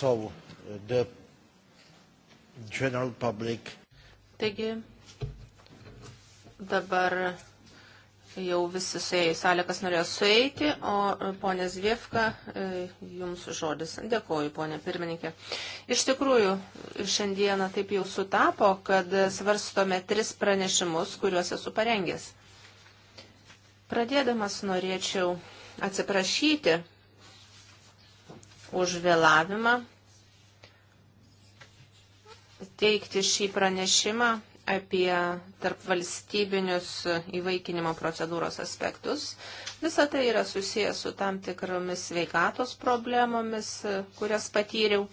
So uh, the general public. Taigi dabar jau visi suėjo į salę, kas norėjo sueiti, o e, ponė Zviefka, e, jums žodis. Dėkoju, ponė pirmininkė. Iš tikrųjų, šiandieną taip jau sutapo, kad svarstome tris pranešimus, kuriuos esu parengęs. Pradėdamas norėčiau atsiprašyti už vėlavimą teikti šį pranešimą apie tarpvalstybinius įvaikinimo procedūros aspektus. Visa tai yra susijęs su tam tikromis sveikatos problemomis, kurias patyriau.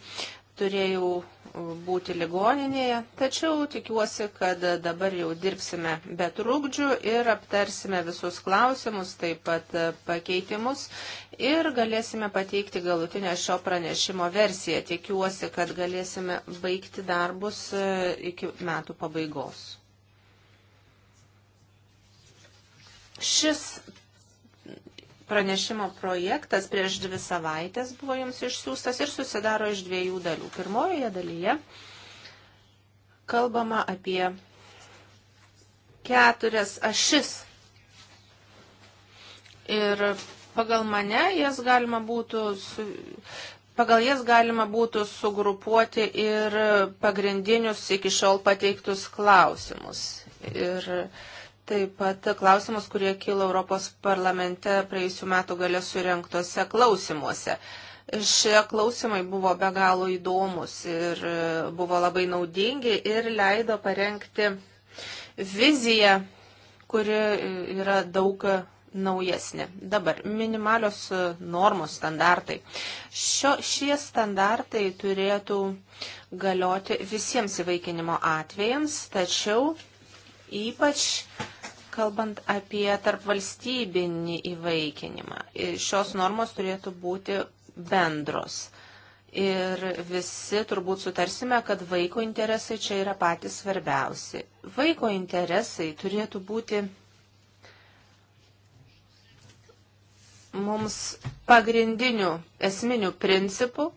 Turėjau būti ligoninėje, tačiau tikiuosi, kad dabar jau dirbsime be trūkdžių ir aptarsime visus klausimus, taip pat pakeitimus ir galėsime pateikti galutinę šio pranešimo versiją. Tikiuosi, kad galėsime baigti darbus e, iki metų pabaigos. Šis Pranešimo projektas prieš dvi savaitės buvo jums išsiųstas ir susidaro iš dviejų dalių. Pirmojoje dalyje kalbama apie keturias ašis. Ir pagal mane jas galima būtų su, Pagal jas galima būtų sugrupuoti ir pagrindinius iki šiol pateiktus klausimus. Ir uh, Taip pat klausimus, kurie kilo Europos parlamente praėjusiu metu galės surinktose klausimuose. Šie klausimai buvo be galo įdomus ir e, buvo labai naudingi ir leido parengti viziją, kuri e, yra daug naujesnė. Dabar minimalios e, normos standartai. Šio, šie standartai turėtų galioti visiems įvaikinimo atvejams, tačiau ypač kalbant apie tarpvalstybinį įvaikinimą. Šios normos turėtų būti bendros. Ir visi turbūt sutarsime, kad vaiko interesai čia yra patys svarbiausi. Vaiko interesai turėtų būti mums pagrindinių esminių principų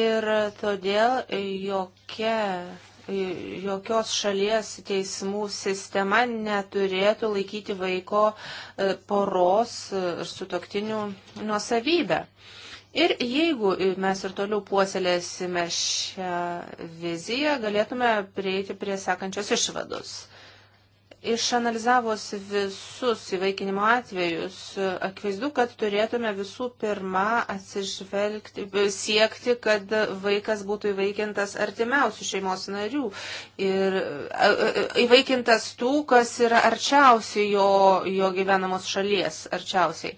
ir todėl jokia jokios šalies teismų sistema neturėtų laikyti vaiko e, poros e, ir sutoktinių nuosavybę. Ir jeigu mes ir toliau puoselėsime šią viziją, galėtume prieiti prie sekančios išvados. Išanalizavus visus įvaikinimo atvejus, akivaizdu, kad turėtume visų pirma atsižvelgti, siekti, kad vaikas būtų įvaikintas artimiausių šeimos narių ir e, e, e, įvaikintas tų, kas yra arčiausiai jo, jo gyvenamos šalies, arčiausiai.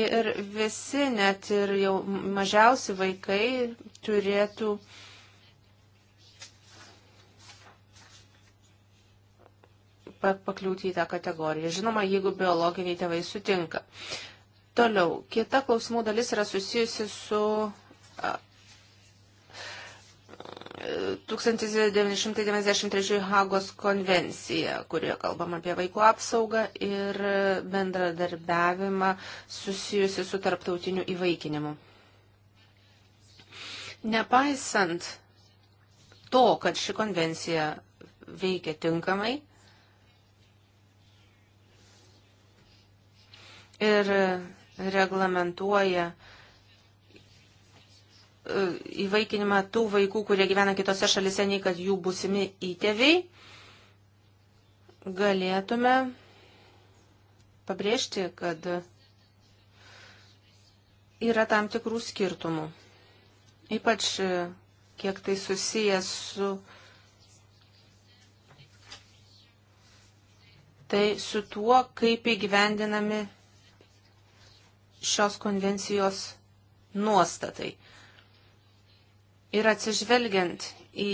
Ir visi, net ir jau mažiausi vaikai turėtų taip pat pakliūti į tą kategoriją. Žinoma, jeigu biologiniai tėvai sutinka. Toliau, kita klausimų dalis yra susijusi su 1993 Hagos konvencija, kurioje kalbam apie vaikų apsaugą ir bendradarbiavimą susijusi su tarptautiniu įvaikinimu. Nepaisant to, kad ši konvencija veikia tinkamai, ir reglamentuoja e, įvaikinimą tų vaikų, kurie gyvena kitose šalise, nei kad jų būsimi įtėviai, galėtume pabrėžti, kad yra tam tikrų skirtumų. Ypač e, kiek tai susijęs su tai su tuo, kaip įgyvendinami šios konvencijos nuostatai. Ir atsižvelgiant į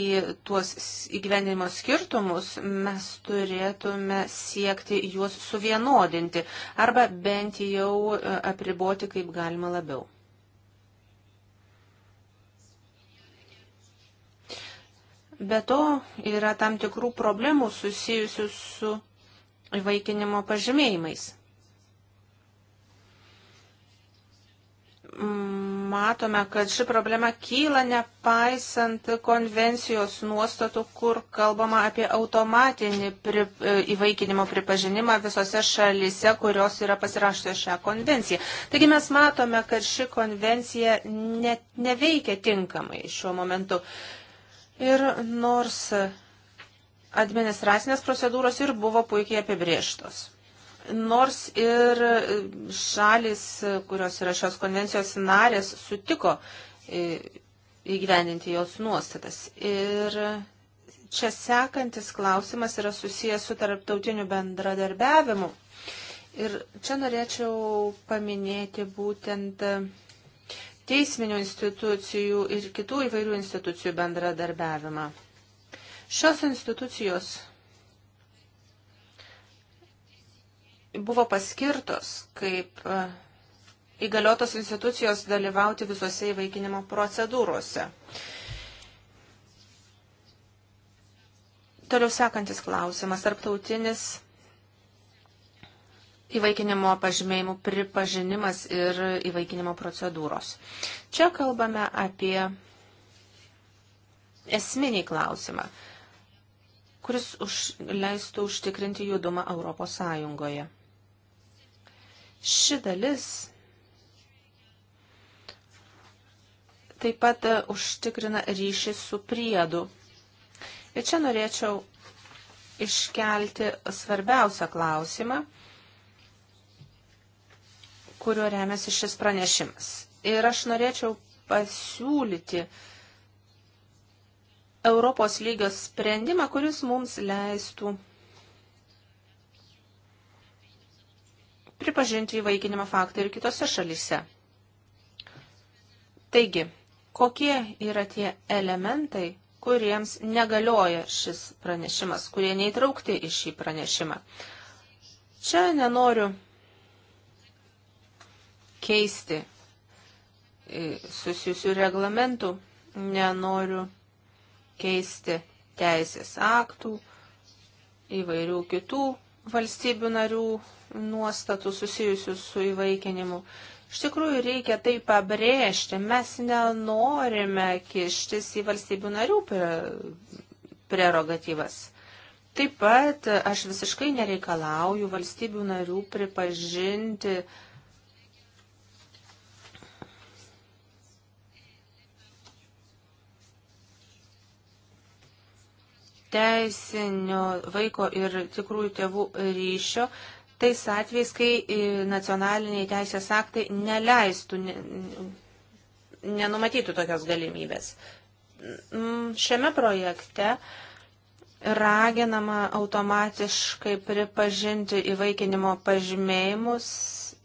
tuos įgyvendinimo skirtumus, mes turėtume siekti juos suvienodinti arba bent jau e, apriboti kaip galima labiau. Be to yra tam tikrų problemų susijusių su įvaikinimo pažymėjimais. matome, kad ši problema kyla nepaisant konvencijos nuostatų, kur kalbama apie automatinį pri, e, įvaikinimo pripažinimą visose šalise, kurios yra pasirašusios šią konvenciją. Taigi mes matome, kad ši konvencija ne, neveikia tinkamai šiuo momentu. Ir nors administracinės procedūros ir buvo puikiai apibrieštos. Nors ir šalis, kurios yra šios konvencijos narės, sutiko e, įgyvendinti jos nuostatas. Ir čia sekantis klausimas yra susijęs su tarptautiniu bendradarbiavimu. Ir čia norėčiau paminėti būtent teisminių institucijų ir kitų įvairių institucijų bendradarbiavimą. Šios institucijos buvo paskirtos kaip e, įgaliotos institucijos dalyvauti visose įvaikinimo procedūrose. Toliau sekantis klausimas. Tarptautinis įvaikinimo pažymėjimų pripažinimas ir įvaikinimo procedūros. Čia kalbame apie esminį klausimą, kuris už, leistų užtikrinti judumą Europos Sąjungoje. Ši dalis taip pat e, užtikrina ryšį su priedu. Ir čia norėčiau iškelti svarbiausią klausimą, kuriuo remiasi šis pranešimas. Ir aš norėčiau pasiūlyti Europos lygios sprendimą, kuris mums leistų pripažinti įvaikinimo faktą ir kitose šalyse. Taigi, kokie yra tie elementai, kuriems negalioja šis pranešimas, kurie neįtraukti į šį pranešimą. Čia nenoriu keisti e, susijusių reglamentų, nenoriu keisti teisės aktų, įvairių kitų valstybių narių nuostatų susijusių su įvaikinimu. Iš tikrųjų, reikia tai pabrėžti. Mes nenorime kištis į valstybių narių prerogatyvas. Taip pat aš visiškai nereikalauju valstybių narių pripažinti uh, teisinio vaiko ir tikrųjų tėvų ryšio tais atvejais, kai e, nacionaliniai teisės aktai neleistų, nenumatytų tokios galimybės. Mm, šiame projekte raginama automatiškai pripažinti įvaikinimo pažymėjimus,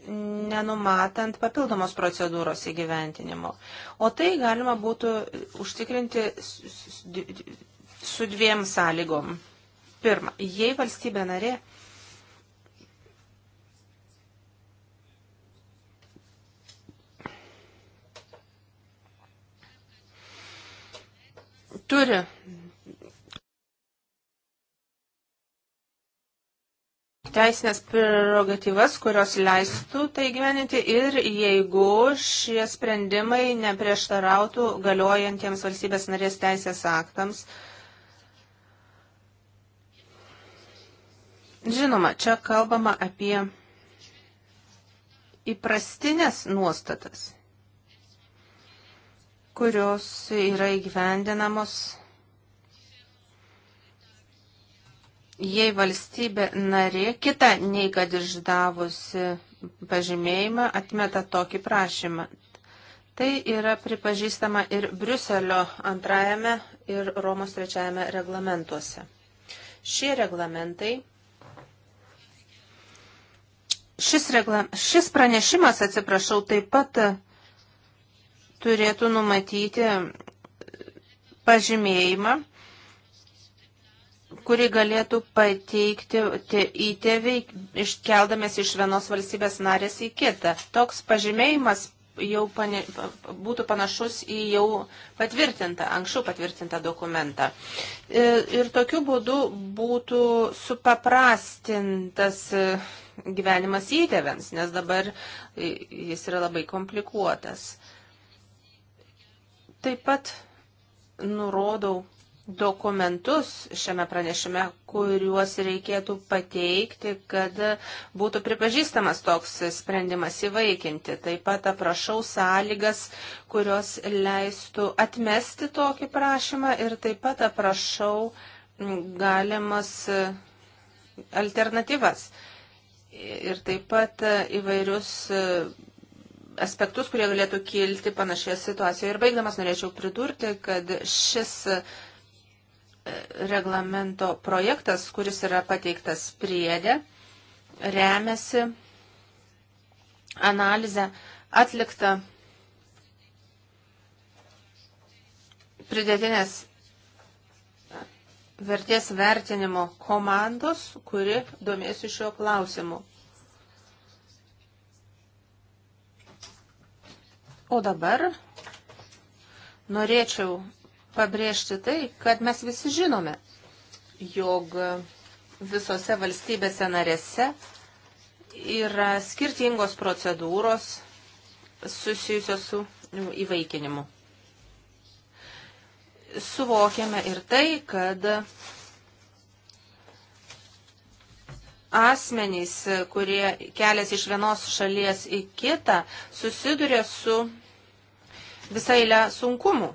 nenumatant papildomos procedūros įgyventinimo. O tai galima būtų užtikrinti su dviem sąlygom. Pirma, jei valstybė narė turi teisinės prerogatyvas, kurios leistų tai gyveninti ir jeigu šie sprendimai neprieštarautų galiojantiems valstybės narės teisės aktams, Žinoma, čia kalbama apie įprastinės nuostatas, kurios yra įgyvendinamos, jei valstybė narė kita nei kad išdavusi pažymėjimą atmeta tokį prašymą. Tai yra pripažįstama ir Briuselio antrajame ir Romos trečiajame reglamentuose. Šie reglamentai Šis, regla, šis pranešimas, atsiprašau, taip pat turėtų numatyti pažymėjimą, kurį galėtų pateikti įtėviai, iškeldamės iš vienos valstybės narės į kitą. Toks pažymėjimas jau pane, būtų panašus į jau patvirtintą, anksčiau patvirtintą dokumentą. Ir, e, ir tokiu būdu būtų supaprastintas e, gyvenimas įtėvens, nes dabar e, jis yra labai komplikuotas. Taip pat nurodau, dokumentus šiame pranešime, kuriuos reikėtų pateikti, kad būtų pripažįstamas toks sprendimas įvaikinti. Taip pat aprašau sąlygas, kurios leistų atmesti tokį prašymą ir taip pat aprašau galimas e, alternatyvas. Ir taip pat e, įvairius e, aspektus, kurie galėtų kilti panašioje situacijoje. Ir baigdamas norėčiau pridurti, kad šis reglamento projektas, kuris yra pateiktas priedė, remiasi analizę atliktą pridėtinės vertės vertinimo komandos, kuri domėsi šio klausimu. O dabar norėčiau pabrėžti tai, kad mes visi žinome, jog visose valstybėse narėse yra skirtingos procedūros susijusios su įvaikinimu. Suvokiame ir tai, kad asmenys, kurie kelias iš vienos šalies į kitą, susiduria su visai le sunkumu.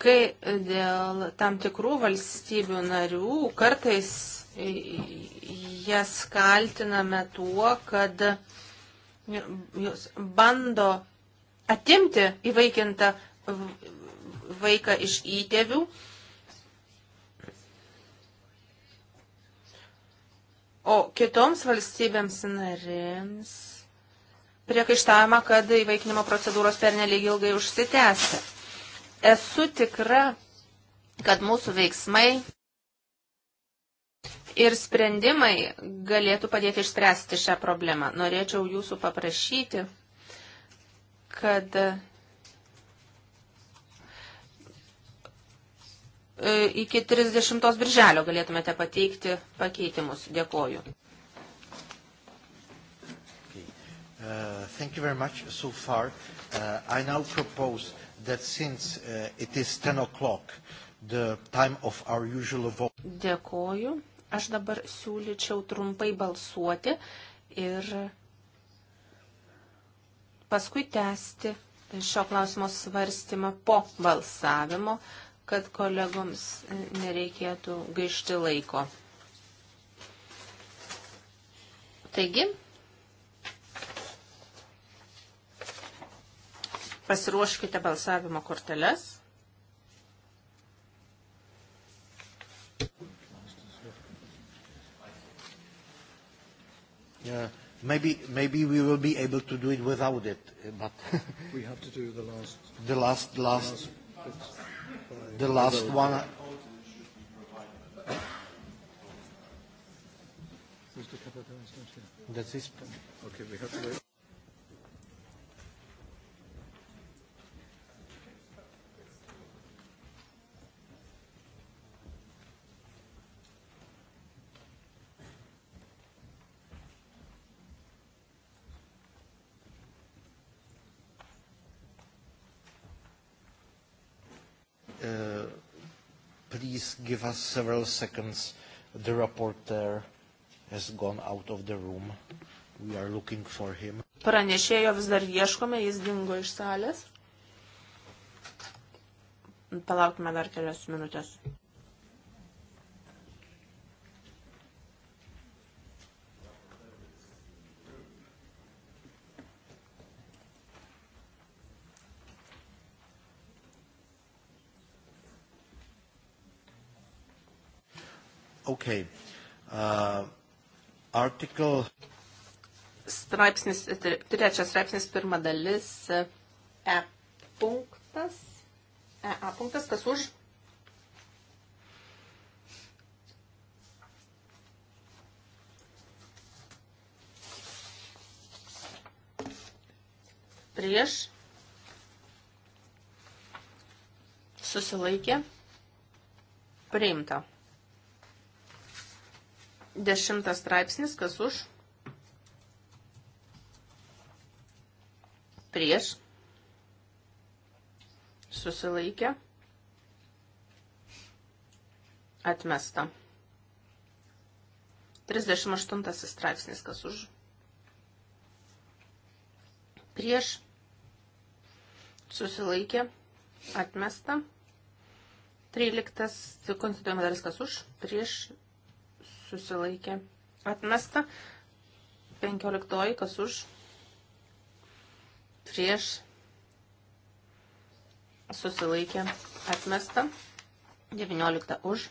kai dėl tam tikrų valstybių narių kartais jas kaltiname tuo, kad jūs bando atimti įvaikintą vaiką iš įtėvių. O kitoms valstybėms narėms priekaištavimą, kad įvaikinimo procedūros pernelyg ilgai užsitęsia. Esu tikra, kad mūsų veiksmai ir sprendimai galėtų padėti išspręsti šią problemą. Norėčiau jūsų paprašyti, kad e, iki 30 birželio galėtumėte pateikti pakeitimus. Dėkoju. Okay. Uh, thank you very much so far. Uh, I now propose that since uh, it is 10 o'clock, the time of our usual vote. Dėkoju. Aš dabar siūlyčiau trumpai balsuoti ir paskui tęsti šio klausimo svarstymą po balsavimo, kad kolegoms e, nereikėtų gaišti laiko. Taigi, Pasiruoškite balsavimo korteles. Yeah. Maybe, maybe we will be able to do it without it, eh, but we have to do the last, the last, last, the last one. Uh, that's his. Okay, we have to wait. give us several seconds. The reporter has gone out of the room. We are looking for him. Pranešėjo vis dar ieškome, jis dingo iš salės. Palaukime dar kelias minutės. Okay. Uh, article... Straipsnis, trečias straipsnis, pirma dalis, E punktas, EA punktas, kas už? Prieš susilaikė priimta. Dešimtas straipsnis, kas už? Prieš. Susilaikė. Atmesta. 38 straipsnis, kas už? Prieš. Susilaikė. Atmesta. 13. Konstituojama dalis, kas už? Prieš susilaikė atmesta. 15 kas už prieš susilaikė atmesta. 19 už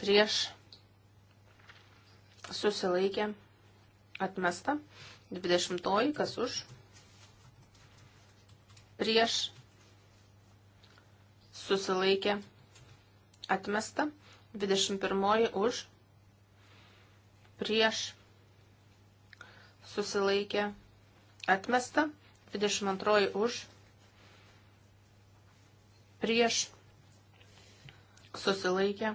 prieš susilaikė atmesta. 20 kas už prieš susilaikė atmesta susilaikė atmesta, 21 už, prieš, susilaikė, atmesta, 22 už, prieš, susilaikė,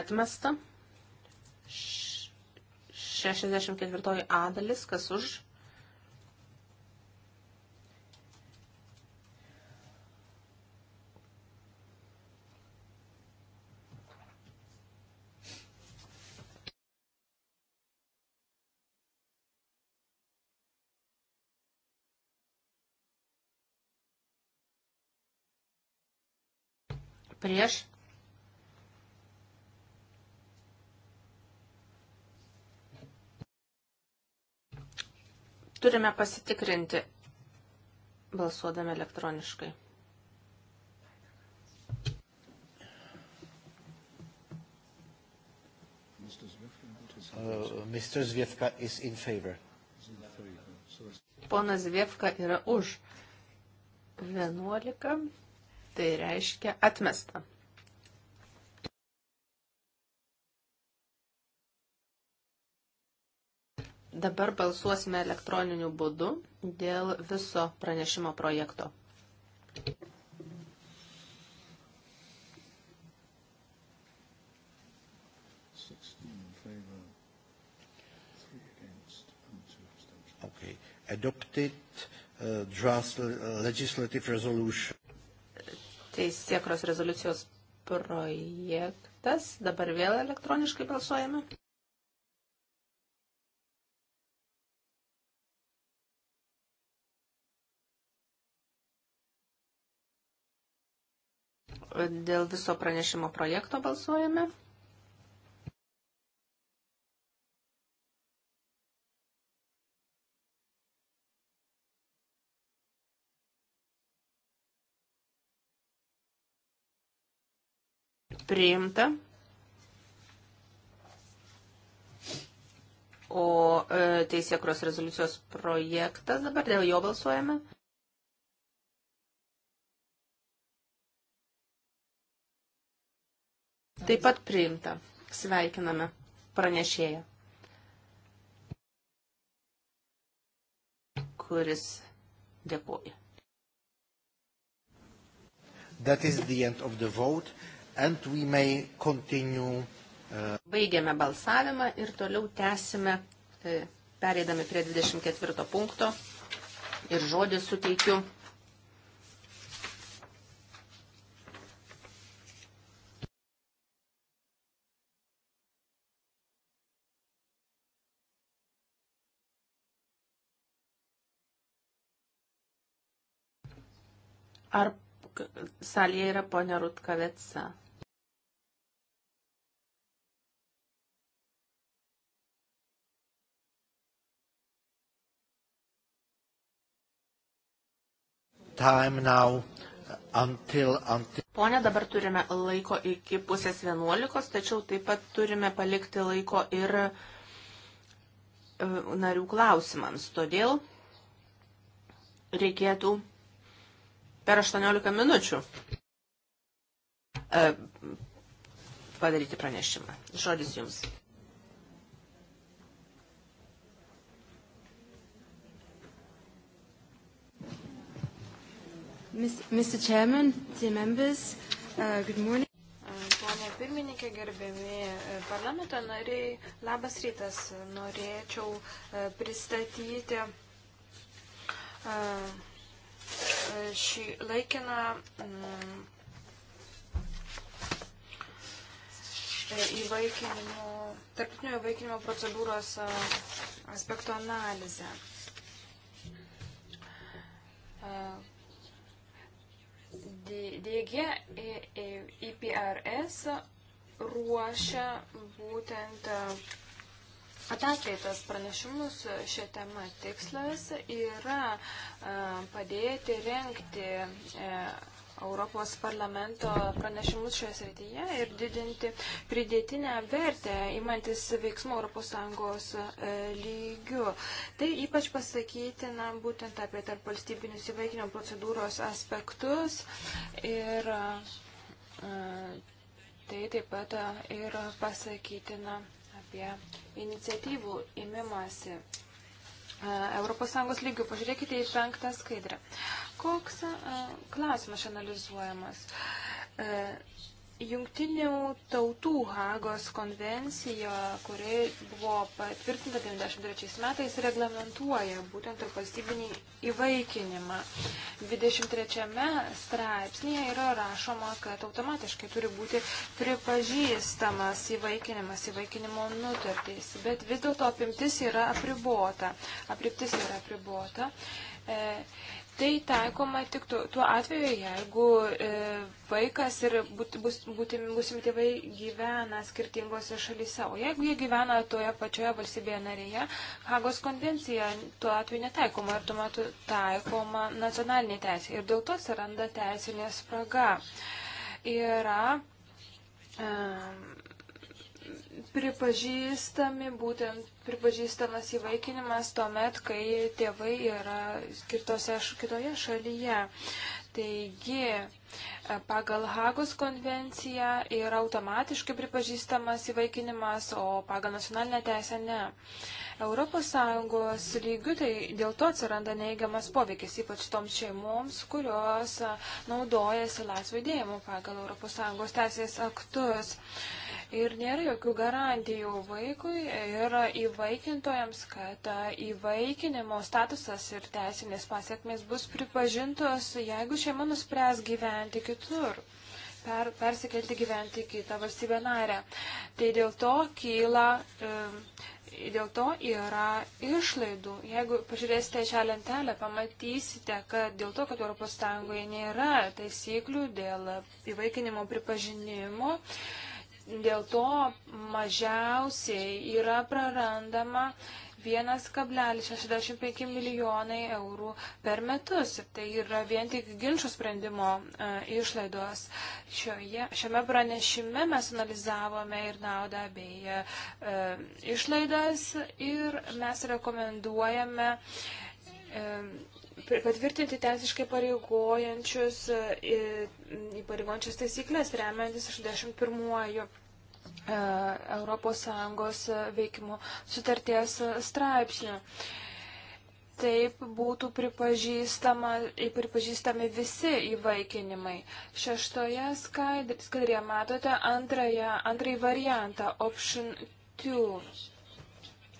atmesta, 64 A dalis, kas už, prieš. Turime pasitikrinti balsuodami elektroniškai. Uh, Mr. Zviefka is in favor. Ponas Zviefka yra už 11 tai reiškia atmesta. Dabar balsuosime elektroniniu būdu dėl viso pranešimo projekto. Okay. Adopted uh, draft legislative resolution teisėkros rezoliucijos projektas. Dabar vėl elektroniškai balsuojame. Dėl viso pranešimo projekto balsuojame. priimta. O e, teisėkros rezoliucijos projektas dabar dėl jo balsuojame. Taip pat priimta. Sveikiname pranešėją, kuris dėkoja. That is the end of the vote and we may continue. Uh... Baigėme balsavimą ir toliau tęsime, e, pereidami prie 24 punkto ir žodį suteikiu. Ar salėje yra ponia Rutkavetsa? time now until, until... Pone, dabar turime laiko iki pusės vienuolikos, tačiau taip pat turime palikti laiko ir e, narių klausimams. Todėl reikėtų per 18 minučių e, padaryti pranešimą. Žodis jums. Mr. Chairman, dear members, uh, good morning. Pone pirmininkė, gerbiami e, parlamento nariai, labas rytas. Norėčiau e, pristatyti e, šį laikiną mm, įvaikinimo, tarptautinio įvaikinimo procedūros aspekto analizę DG IPRS e ruošia būtent e, ataskaitas pranešimus šią temą. Tikslas yra e, padėti renkti Europos parlamento pranešimus šioje srityje ir didinti pridėtinę vertę, imantis veiksmų ES e, lygių. Tai ypač pasakytina būtent apie tarp valstybinius įvaikinimo procedūros aspektus ir e, tai taip pat e, ir pasakytina apie iniciatyvų imimasi. ES lygių. Pažiūrėkite į penktą skaidrę. Koks klausimas analizuojamas? E, Jungtinių tautų Hagos konvencija, kuri buvo patvirtinta 1993 metais, reglamentuoja būtent ir valstybinį įvaikinimą. 23 straipsnėje yra rašoma, kad automatiškai turi būti pripažįstamas įvaikinimas, įvaikinimo nutartys, bet vis dėlto apimtis yra apribota. Apimtis yra apribota. E, Tai taikoma tik tuo atveju, jeigu e, vaikas ir būsimi tėvai gyvena skirtingose šalyse. O jeigu jie gyvena toje pačioje valstybėje narėje, Hagos konvencija tuo atveju netaikoma ir tuo metu taikoma nacionalinė teisė. Ir dėl to atsiranda teisinė spraga. Yra um, pripažįstami, būtent pripažįstamas įvaikinimas tuomet, kai tėvai yra kitose, kitoje šalyje. Taigi, e, pagal Hagos konvenciją yra automatiškai pripažįstamas įvaikinimas, o pagal nacionalinę teisę ne. ES lygių tai dėl to atsiranda neigiamas poveikis, ypač toms šeimoms, kurios e, naudojasi laisvų įdėjimų pagal ES teisės aktus ir nėra jokių garantijų vaikui ir įvaikintojams, kad įvaikinimo statusas ir teisinės pasiekmes bus pripažintos, jeigu šeima nuspręs gyventi kitur per, persikelti gyventi į kitą valstybę narę. Tai dėl to kyla, e, dėl to yra išlaidų. Jeigu pažiūrėsite šią lentelę, pamatysite, kad dėl to, kad ES nėra taisyklių dėl įvaikinimo pripažinimo, Dėl to mažiausiai yra prarandama 1,65 milijonai eurų per metus. Ir tai yra vien tik ginčių sprendimo e, išlaidos. Šioje, šiame pranešime mes analizavome ir naudą bei e, e išlaidas ir mes rekomenduojame e, patvirtinti teisiškai pareigojančius, e, įpareigojančius taisyklės remiantis 61 e, Europos Sąjungos veikimo sutarties straipsnių. Taip būtų pripažįstami visi įvaikinimai. Šeštoje skaidrėje matote antrąją, antrąjį variantą, option 2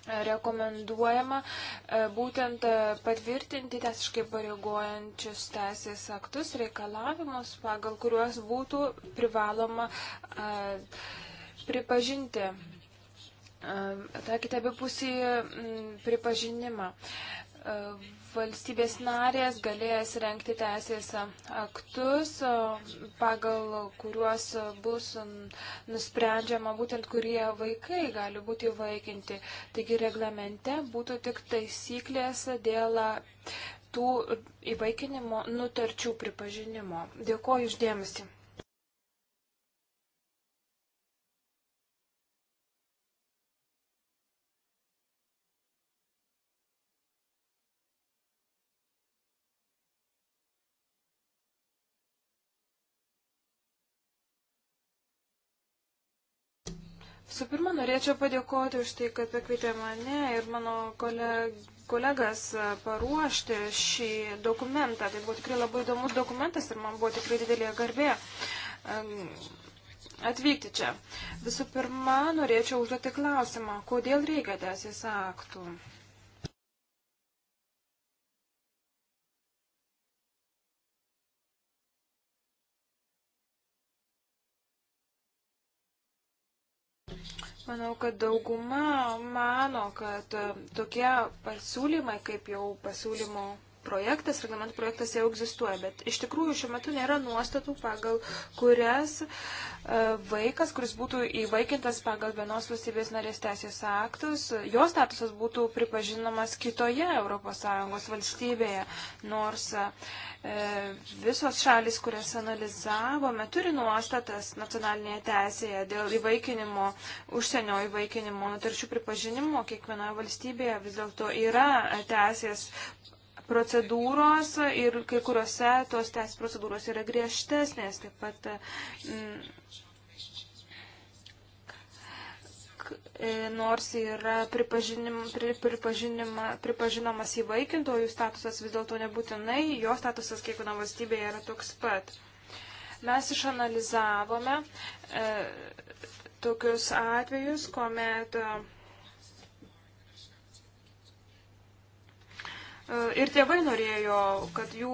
rekomenduojama e, būtent e, patvirtinti teisiškai pareigojančius teisės aktus, reikalavimus, pagal kuriuos būtų privaloma e, pripažinti, taikyti abipusį pripažinimą. E, valstybės narės galės renkti teisės aktus, pagal kuriuos bus nusprendžiama būtent, kurie vaikai gali būti vaikinti. Taigi reglamente būtų tik taisyklės dėl tų įvaikinimo nutarčių pripažinimo. Dėkuoju uždėmesi. Su pirma, norėčiau padėkoti už tai, kad pakvietė mane ir mano kolegas e, paruošti šį dokumentą. Tai buvo tikrai labai įdomus dokumentas ir man buvo tikrai didelė garbė atvykti čia. Visų pirma, norėčiau užduoti klausimą, kodėl reikia teisės aktų. manau, kad dauguma mano, kad tokie pasiūlymai, kaip jau pasiūlymo projektas, reglamento projektas jau egzistuoja, bet iš tikrųjų šiuo metu nėra nuostatų, pagal kurias e, vaikas, kuris būtų įvaikintas pagal vienos valstybės narės teisės aktus, jo statusas būtų pripažinamas kitoje ES valstybėje, nors e, visos šalis, kurias analizavome, turi nuostatas nacionalinėje teisėje dėl įvaikinimo, užsienio įvaikinimo, nutarčių pripažinimo kiekvienoje valstybėje vis dėlto yra teisės procedūros ir kai kuriuose tos teisės procedūros yra griežtesnės, taip pat m, mm, nors yra pripažinim, pri, pripažinamas įvaikintojų statusas, vis dėlto nebūtinai jo statusas kiekviena valstybėje yra toks pat. Mes išanalizavome e, tokius atvejus, kuomet e, ir tėvai norėjo, kad jų,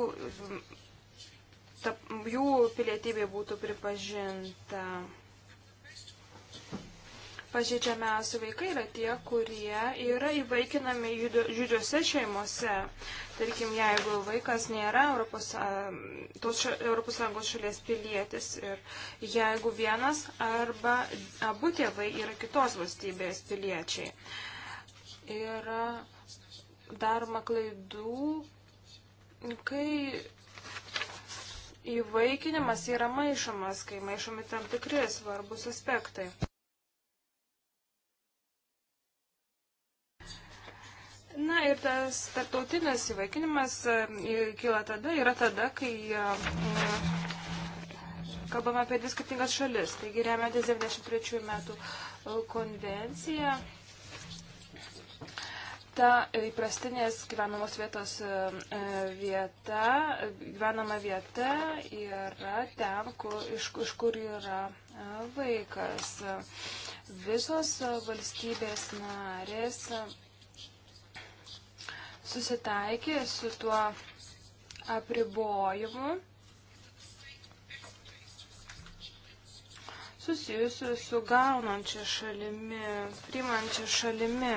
ta, jų pilietybė būtų pripažinta. Pažeidžiamiausi vaikai yra tie, kurie yra įvaikinami judžiuose šeimose. Tarkim, jeigu vaikas nėra Europos, tos Europos Sąjungos šalies pilietis ir jeigu vienas arba abu tėvai yra kitos valstybės piliečiai. Yra daroma klaidų, kai įvaikinimas yra maišomas, kai maišomi tam tikri svarbus aspektai. Na ir tas tarptautinis įvaikinimas e, kyla tada, yra tada, kai e, kalbame apie dvi skirtingas šalis. Taigi remiantis 93 metų e, konvenciją ta įprastinės gyvenamos vietos e, e, vieta, gyvenama vieta yra ten, kur, iš, iš kur yra e, vaikas. Visos valstybės narės susitaikė su tuo apribojimu susijusiu su gaunančia šalimi, primančia šalimi.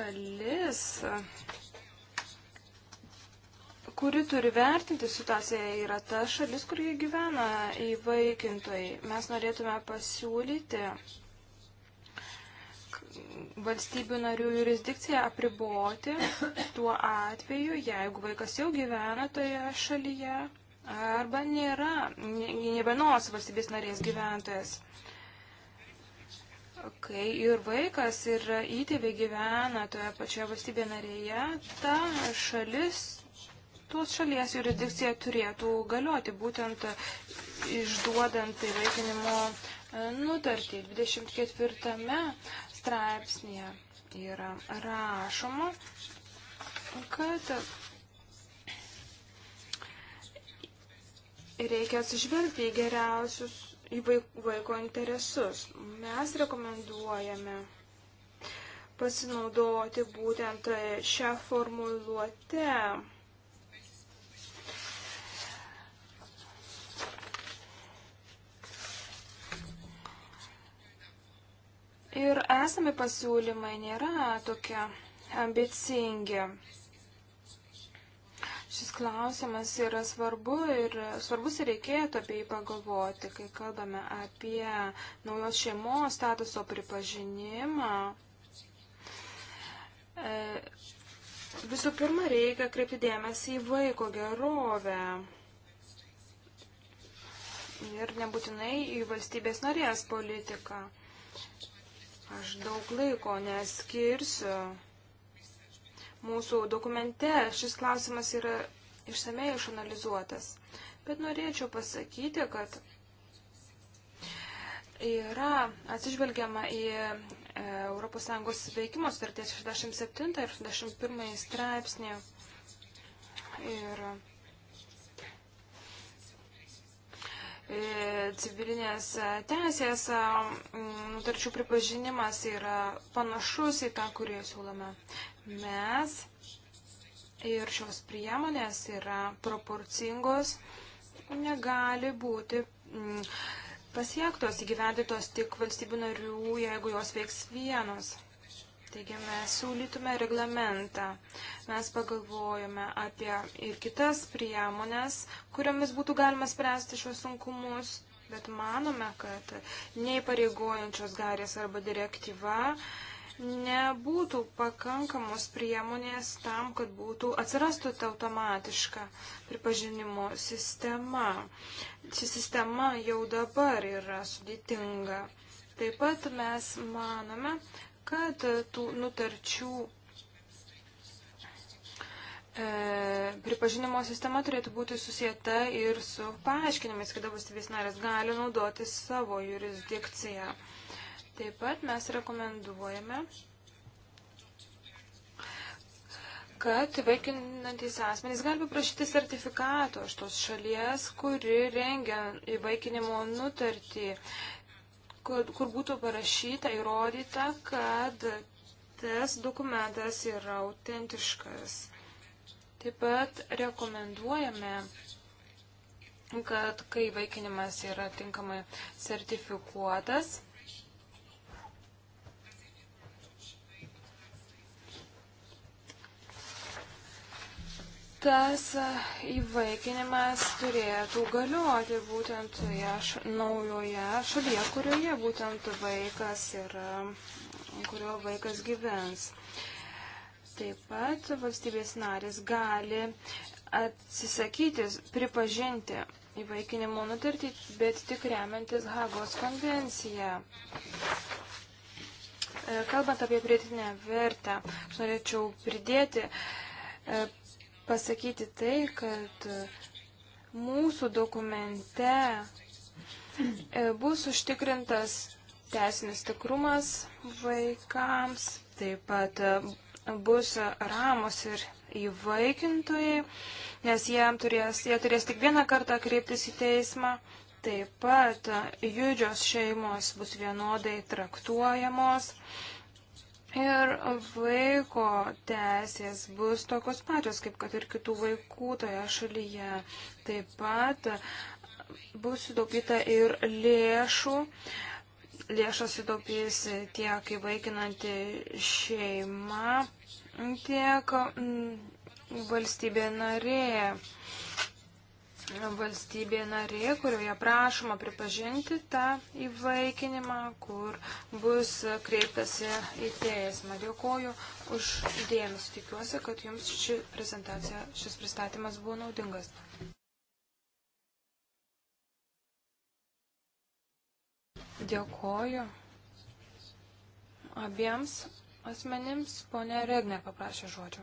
šalis, kuri turi vertinti situaciją, yra ta šalis, kurioje gyvena įvaikintojai. Mes norėtume pasiūlyti valstybių narių jurisdikciją apriboti tuo atveju, jeigu vaikas jau gyvena toje šalyje arba nėra ne vienos valstybės narės gyventojas kai ir vaikas, ir įtėviai gyvena toje pačioje valstybėje narėje, ta šalis, tos šalies jurisdikcija turėtų galioti, būtent išduodant įvaikinimo e, nutartį 24 straipsnėje yra rašoma, kad reikia atsižvelgti į geriausius į vaiko interesus. Mes rekomenduojame pasinaudoti būtent šią formuluotę. Ir esami pasiūlymai nėra tokie ambicingi. Šis klausimas yra svarbu ir svarbus ir reikėtų apie jį pagalvoti, kai kalbame apie naujos šeimos statuso pripažinimą. E, visų pirma, reikia kreipti dėmesį į vaiko gerovę ir nebūtinai į valstybės narės politiką. Aš daug laiko neskirsiu mūsų dokumente šis klausimas yra išsamei išanalizuotas. Bet norėčiau pasakyti, kad yra atsižvelgiama į e, ES veikimo sutarties 67 ir 61 straipsnį. Ir e, civilinės teisės e, nutarčių pripažinimas yra panašus į tą, kurį siūlome mes ir šios priemonės yra proporcingos, negali būti mm, pasiektos, įgyvendytos tik valstybių narių, jeigu jos veiks vienos. Taigi mes siūlytume reglamentą. Mes pagalvojame apie ir kitas priemonės, kuriomis būtų galima spręsti šios sunkumus, bet manome, kad neįpareigojančios garės arba direktyva uh, nebūtų pakankamos priemonės tam, kad būtų atsirastų ta automatiška pripažinimo sistema. Ši sistema jau dabar yra sudėtinga. Taip pat mes manome, kad tų nutarčių e, pripažinimo sistema turėtų būti susijęta ir su paaiškinimais, kada valstybės narės gali naudoti savo jurisdikciją. Taip pat mes rekomenduojame, kad vaikinantis asmenys gali paprašyti sertifikato iš tos šalies, kuri rengia įvaikinimo nutartį, kur, kur būtų parašyta, įrodyta, kad tas dokumentas yra autentiškas. Taip pat rekomenduojame, kad kai vaikinimas yra tinkamai sertifikuotas, tas e, įvaikinimas turėtų galioti būtent toje š, naujoje šalyje, kurioje būtent vaikas yra, kurio vaikas gyvens. Taip pat valstybės narės gali atsisakyti, pripažinti įvaikinimo nutartį, bet tik remiantis Hagos konvenciją. E, kalbant apie pridėtinę vertę, aš norėčiau pridėti e, pasakyti tai, kad e, mūsų dokumente e, bus užtikrintas teisinis tikrumas vaikams, taip pat e, bus ramos ir įvaikintojai, nes jie turės, jie turės tik vieną kartą kreiptis į teismą. Taip pat judžios šeimos bus vienodai traktuojamos. Ir vaiko teisės bus tokios pačios, kaip kad ir kitų vaikų toje šalyje. Taip pat bus sutaupyta ir lėšų. Lėšas sutaupys tiek įvaikinanti šeima, tiek mm, valstybė narė valstybė narė, kurioje prašoma pripažinti tą įvaikinimą, kur bus kreiptasi į teismą. Dėkoju už dėmesį. Tikiuosi, kad jums ši prezentacija, šis pristatymas buvo naudingas. Dėkoju abiems asmenims. Pone Regne paprašė žodžio.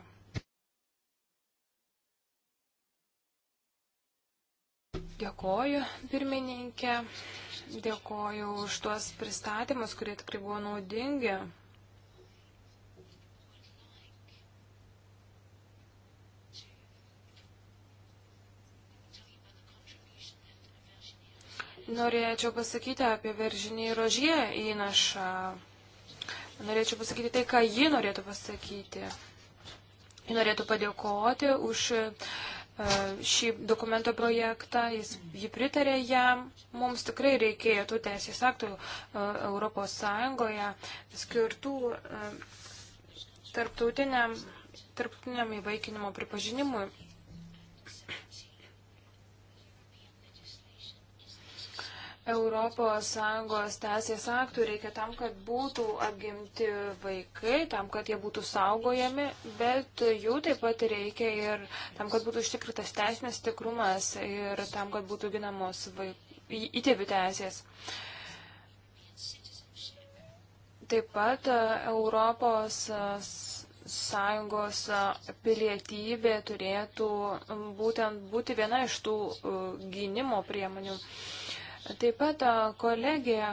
Dėkoju, pirmininkė. Dėkoju už tuos pristatymus, kurie tikrai buvo naudingi. Norėčiau pasakyti apie Veržinį Rožie įnašą. Norėčiau pasakyti tai, ką ji norėtų pasakyti. Ji norėtų padėkoti už E, šį dokumento projektą, jis, jį pritarė jam, mums tikrai reikėjo tų teisės aktų e, Europos Sąjungoje skirtų e, tarptautiniam, tarptautiniam įvaikinimo pripažinimui. ES teisės aktų reikia tam, kad būtų apgimti vaikai, tam, kad jie būtų saugojami, bet jų taip pat reikia ir tam, kad būtų užtikrintas teisinės tikrumas ir tam, kad būtų ginamos įtėvių teisės. Taip pat e, Europos e, sąjungos e, pilietybė turėtų būtent būti viena iš tų gynimo priemonių. Uh, Taip pat kolegija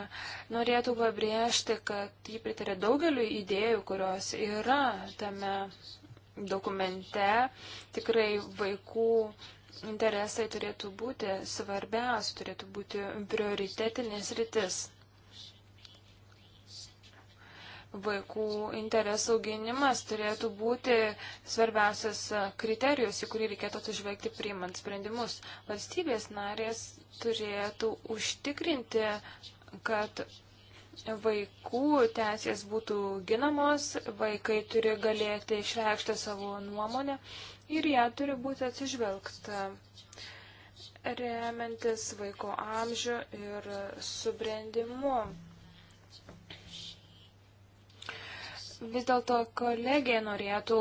norėtų pabrėžti, kad jį pritarė daugeliu idėjų, kurios yra tame dokumente. Tikrai vaikų interesai turėtų būti svarbiausi, turėtų būti prioritetinės rytis. Vaikų interesų auginimas turėtų būti svarbiausias kriterijus, į kurį reikėtų atsižvelgti priimant sprendimus. Valstybės narės turėtų užtikrinti, kad vaikų teisės būtų ginamos, vaikai turi galėti išreikšti savo nuomonę ir ją turi būti atsižvelgta remiantis vaiko amžių ir subrendimu. Vis dėlto kolegė norėtų,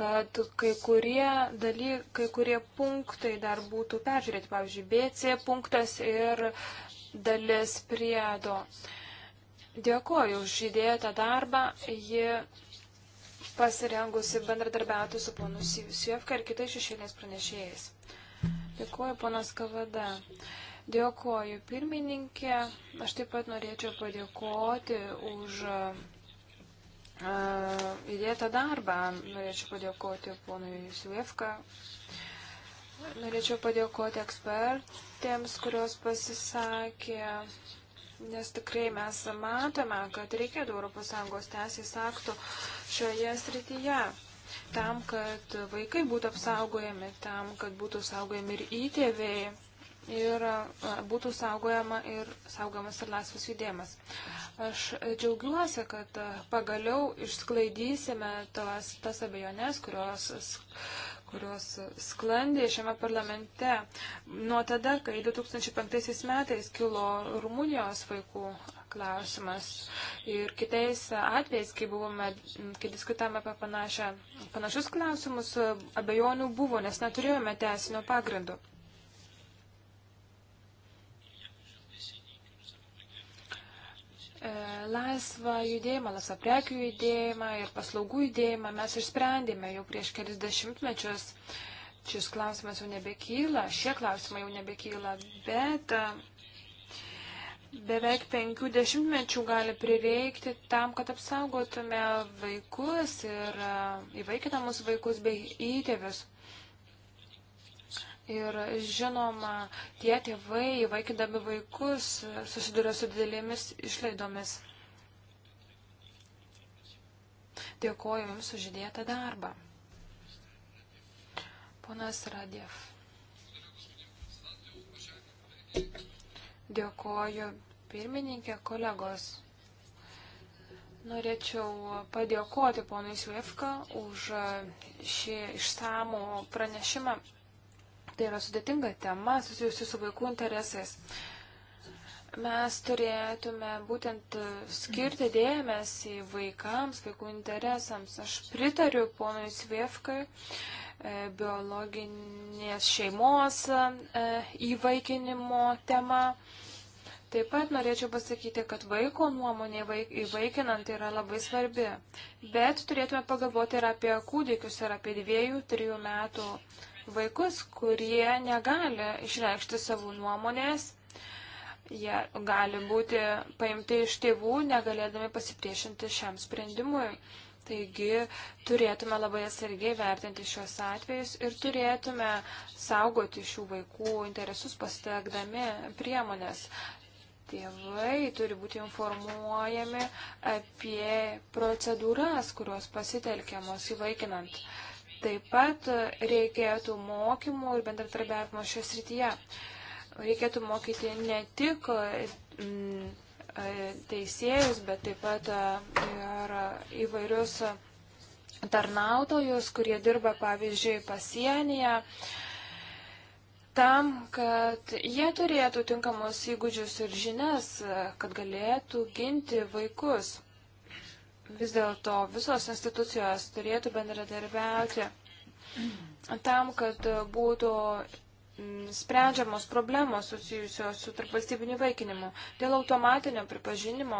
kad kai kurie, daly, kai kurie punktai dar būtų peržiūrėti, pavyzdžiui, BC punktas ir dalis priedo. Dėkoju už įdėtą darbą, ji pasirengusi bendradarbiauti su ponu Sievka ir kitais šešėlės pranešėjais. Dėkoju, ponas Kavada. Dėkoju, pirmininkė. Aš taip pat norėčiau padėkoti už įdėtą darbą. Norėčiau padėkoti ponui Sivėvka. Norėčiau padėkoti ekspertėms, kurios pasisakė, nes tikrai mes matome, kad reikėtų ES teisės aktų šioje srityje. Tam, kad vaikai būtų apsaugojami, tam, kad būtų saugojami ir įtėvėjai ir būtų saugojama ir saugomas ir laisvas judėjimas. Aš džiaugiuosi, kad pagaliau išsklaidysime tas, tas abejonės, kurios kurios sklandė šiame parlamente. Nuo tada, kai 2005 metais kilo Rumunijos vaikų klausimas ir kitais atvejais, kai, buvome, kai diskutavome apie panašią, panašius klausimus, abejonių buvo, nes neturėjome teisinio pagrindo. E, laisvą judėjimą, laisvą prekių judėjimą ir paslaugų judėjimą mes išsprendėme jau prieš kelis dešimtmečius. Šis klausimas jau nebekyla, šie klausimai jau nebekyla, bet e, beveik penkių dešimtmečių gali prireikti tam, kad apsaugotume vaikus ir e, įvaikinamus vaikus bei įtėvius. Ir žinoma, tie tėvai, vaikydami vaikus, susiduria su didelėmis išlaidomis. Dėkoju Jums už įdėtą darbą. Ponas Radiev. Dėkoju pirmininkė kolegos. Norėčiau padėkoti ponui Svifka už šį išsamų pranešimą Tai yra sudėtinga tema susijusi su vaikų interesais. Mes turėtume būtent skirti dėmesį vaikams, vaikų interesams. Aš pritariu ponui Sviefkai e, biologinės šeimos e, įvaikinimo tema. Taip pat norėčiau pasakyti, kad vaiko nuomonė įvaikinant yra labai svarbi, bet turėtume pagalvoti ir apie kūdikius, ir apie dviejų, trijų metų vaikus, kurie negali išreikšti savų nuomonės, jie gali būti paimti iš tėvų, negalėdami pasipriešinti šiam sprendimui. Taigi turėtume labai atsargiai vertinti šios atvejus ir turėtume saugoti šių vaikų interesus pasitelkdami priemonės. Tėvai turi būti informuojami apie procedūras, kurios pasitelkiamos įvaikinant Taip pat reikėtų mokymų ir bendratarbiavimo šios rytyje. Reikėtų mokyti ne tik mm, teisėjus, bet taip pat ir įvairius tarnautojus, kurie dirba, pavyzdžiui, pasienyje, tam, kad jie turėtų tinkamus įgūdžius ir žinias, kad galėtų ginti vaikus vis dėlto visos institucijos turėtų bendradarbiauti tam, kad būtų sprendžiamos problemos susijusios su tarpvalstybiniu vaikinimu. Dėl automatinio pripažinimo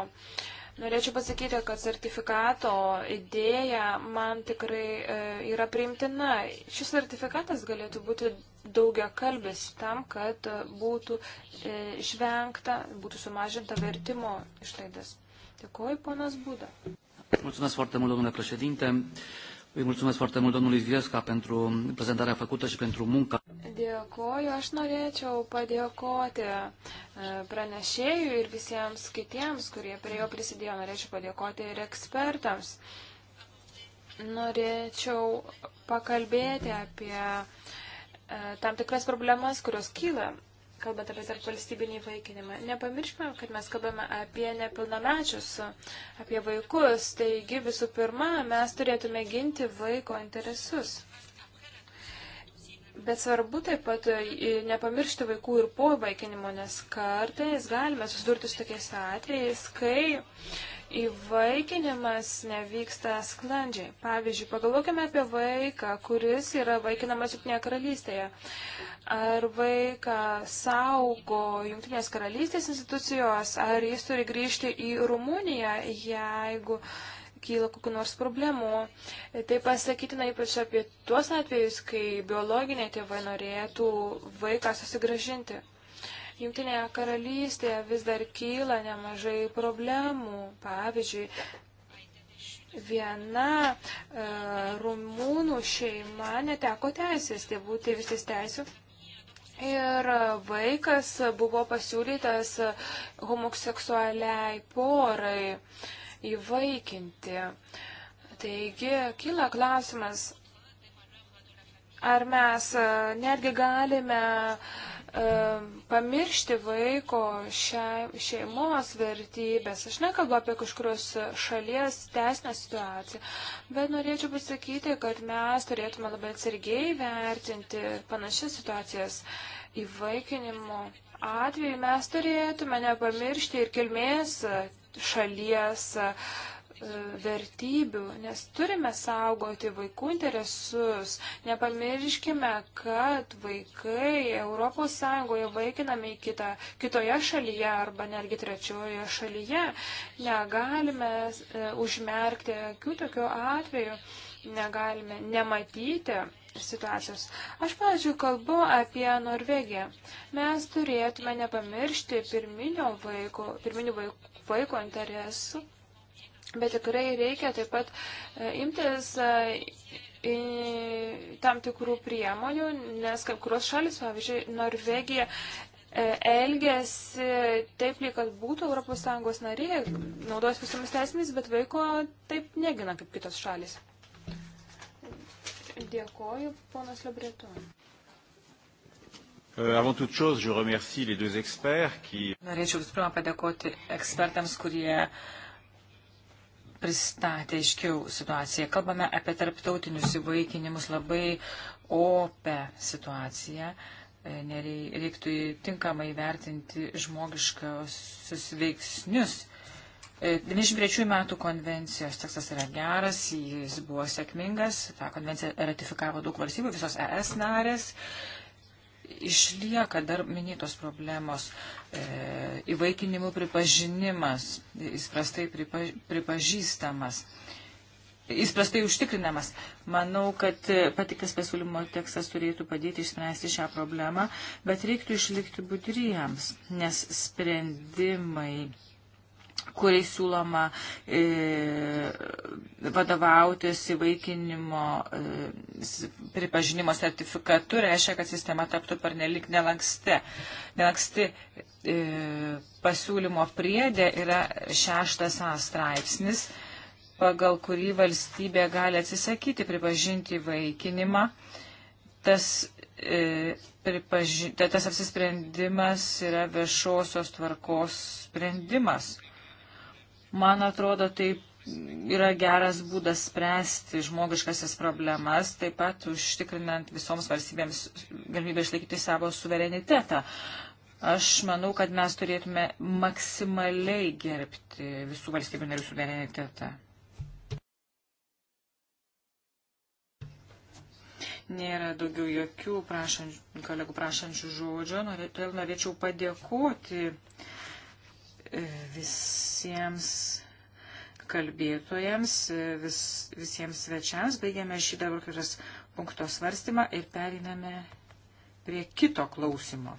norėčiau pasakyti, kad sertifikato idėja man tikrai e, yra priimtina. Šis sertifikatas galėtų būti daugia kalbės tam, kad būtų e, išvengta, būtų sumažinta vertimo išlaidas. Dėkuoju, ponas Būda. Mulțumesc foarte mult, domnule președinte. Îi mulțumesc foarte mult domnului Zviesca pentru prezentarea făcută și pentru munca. Dėkoju, aš norėčiau padėkoti uh, pranešėjui ir visiems kitiems, kurie prie jo prisidėjo. Norėčiau padėkoti ir ekspertams. Norėčiau pakalbėti apie uh, tam tikras problemas, kurios kyla kalbant apie tarp valstybinį vaikinimą. Nepamirškime, kad mes kalbame apie nepilnamečius, apie vaikus. Taigi, visų pirma, mes turėtume ginti vaiko interesus. Bet svarbu taip pat e, nepamiršti vaikų ir po vaikinimo, nes kartais galime susidurti su tokiais atvejais, kai įvaikinimas nevyksta sklandžiai. Pavyzdžiui, pagalvokime apie vaiką, kuris yra vaikinamas Junktinėje karalystėje. Ar vaiką saugo Junktinės karalystės institucijos, ar jis turi grįžti į Rumuniją, jeigu kyla kokiu nors problemu. Tai pasakytina ypač apie tuos atvejus, kai biologiniai tėvai norėtų vaiką susigražinti. Jungtinėje karalystėje vis dar kyla nemažai problemų. Pavyzdžiui, viena e, rumūnų šeima neteko teisės, tėvų tai tėvystės teisų. Ir vaikas buvo pasiūlytas homoseksualiai porai įvaikinti. Taigi, kyla klausimas, ar mes e, netgi galime e, pamiršti vaiko še, šeimos vertybės. Aš nekalbu apie kažkurios šalies teisinę situaciją, bet norėčiau pasakyti, kad mes turėtume labai atsargiai vertinti panašias situacijas įvaikinimo atveju. Mes turėtume nepamiršti ir kilmės šalies vertybių, nes turime saugoti vaikų interesus. Nepamirškime, kad vaikai ES vaikinami kita, kitoje šalyje arba netgi trečiojoje šalyje. Negalime e, užmerkti akių tokiu atveju, negalime nematyti situacijos. Aš, pavyzdžiui, kalbu apie Norvegiją. Mes turėtume nepamiršti pirminio vaiko, pirminių vaiko, vaiko interesų Bet tikrai reikia taip pat e, imtis e, tam tikrų priemonių, nes kai kurios šalis, pavyzdžiui, Norvegija e, elgesi taip, lyg kad būtų ES narė, naudos visomis teisėmis, bet vaiko taip negina kaip kitos šalis. Dėkoju, ponas Lebretu. Euh, avant toute chose, je remercie les deux experts qui... Norėčiau visų pirma padėkoti ekspertams, kurie uh, pristatė iškiau situaciją. Kalbame apie tarptautinius įvaikinimus, labai opę situaciją. E, reiktų tinkamai vertinti žmogiškosius veiksnius 93 e, metų konvencijos tekstas yra geras, jis buvo sėkmingas, tą konvenciją ratifikavo daug valstybių, visos ES narės, išlieka dar minėtos problemos e, įvaikinimų pripažinimas, jis prastai pripa, pripažįstamas. Jis prastai užtikrinamas. Manau, kad e, patiktas pasiūlymo tekstas turėtų padėti išspręsti šią problemą, bet reiktų išlikti budriems, nes sprendimai kuriais siūloma e, vadovautis įvaikinimo e, pripažinimo sertifikatu, reiškia, kad sistema taptų per nelik nelanksti. Nelanksti e, pasiūlymo priedė yra šeštas A straipsnis, pagal kurį valstybė gali atsisakyti pripažinti įvaikinimą. Tas e, pripaži... tas apsisprendimas yra viešosios tvarkos sprendimas. Man atrodo, tai yra geras būdas spręsti žmogiškasias problemas, taip pat užtikrinant visoms valstybėms galimybę išlaikyti savo suverenitetą. Aš manau, kad mes turėtume maksimaliai gerbti visų valstybių narių suverenitetą. Nėra daugiau jokių prašančių, kolegų prašančių žodžio, todėl norėčiau padėkoti uh, visiems kalbėtojams, vis, visiems svečiams. Baigėme šį dabar kuris punkto svarstymą ir periname prie kito klausimo.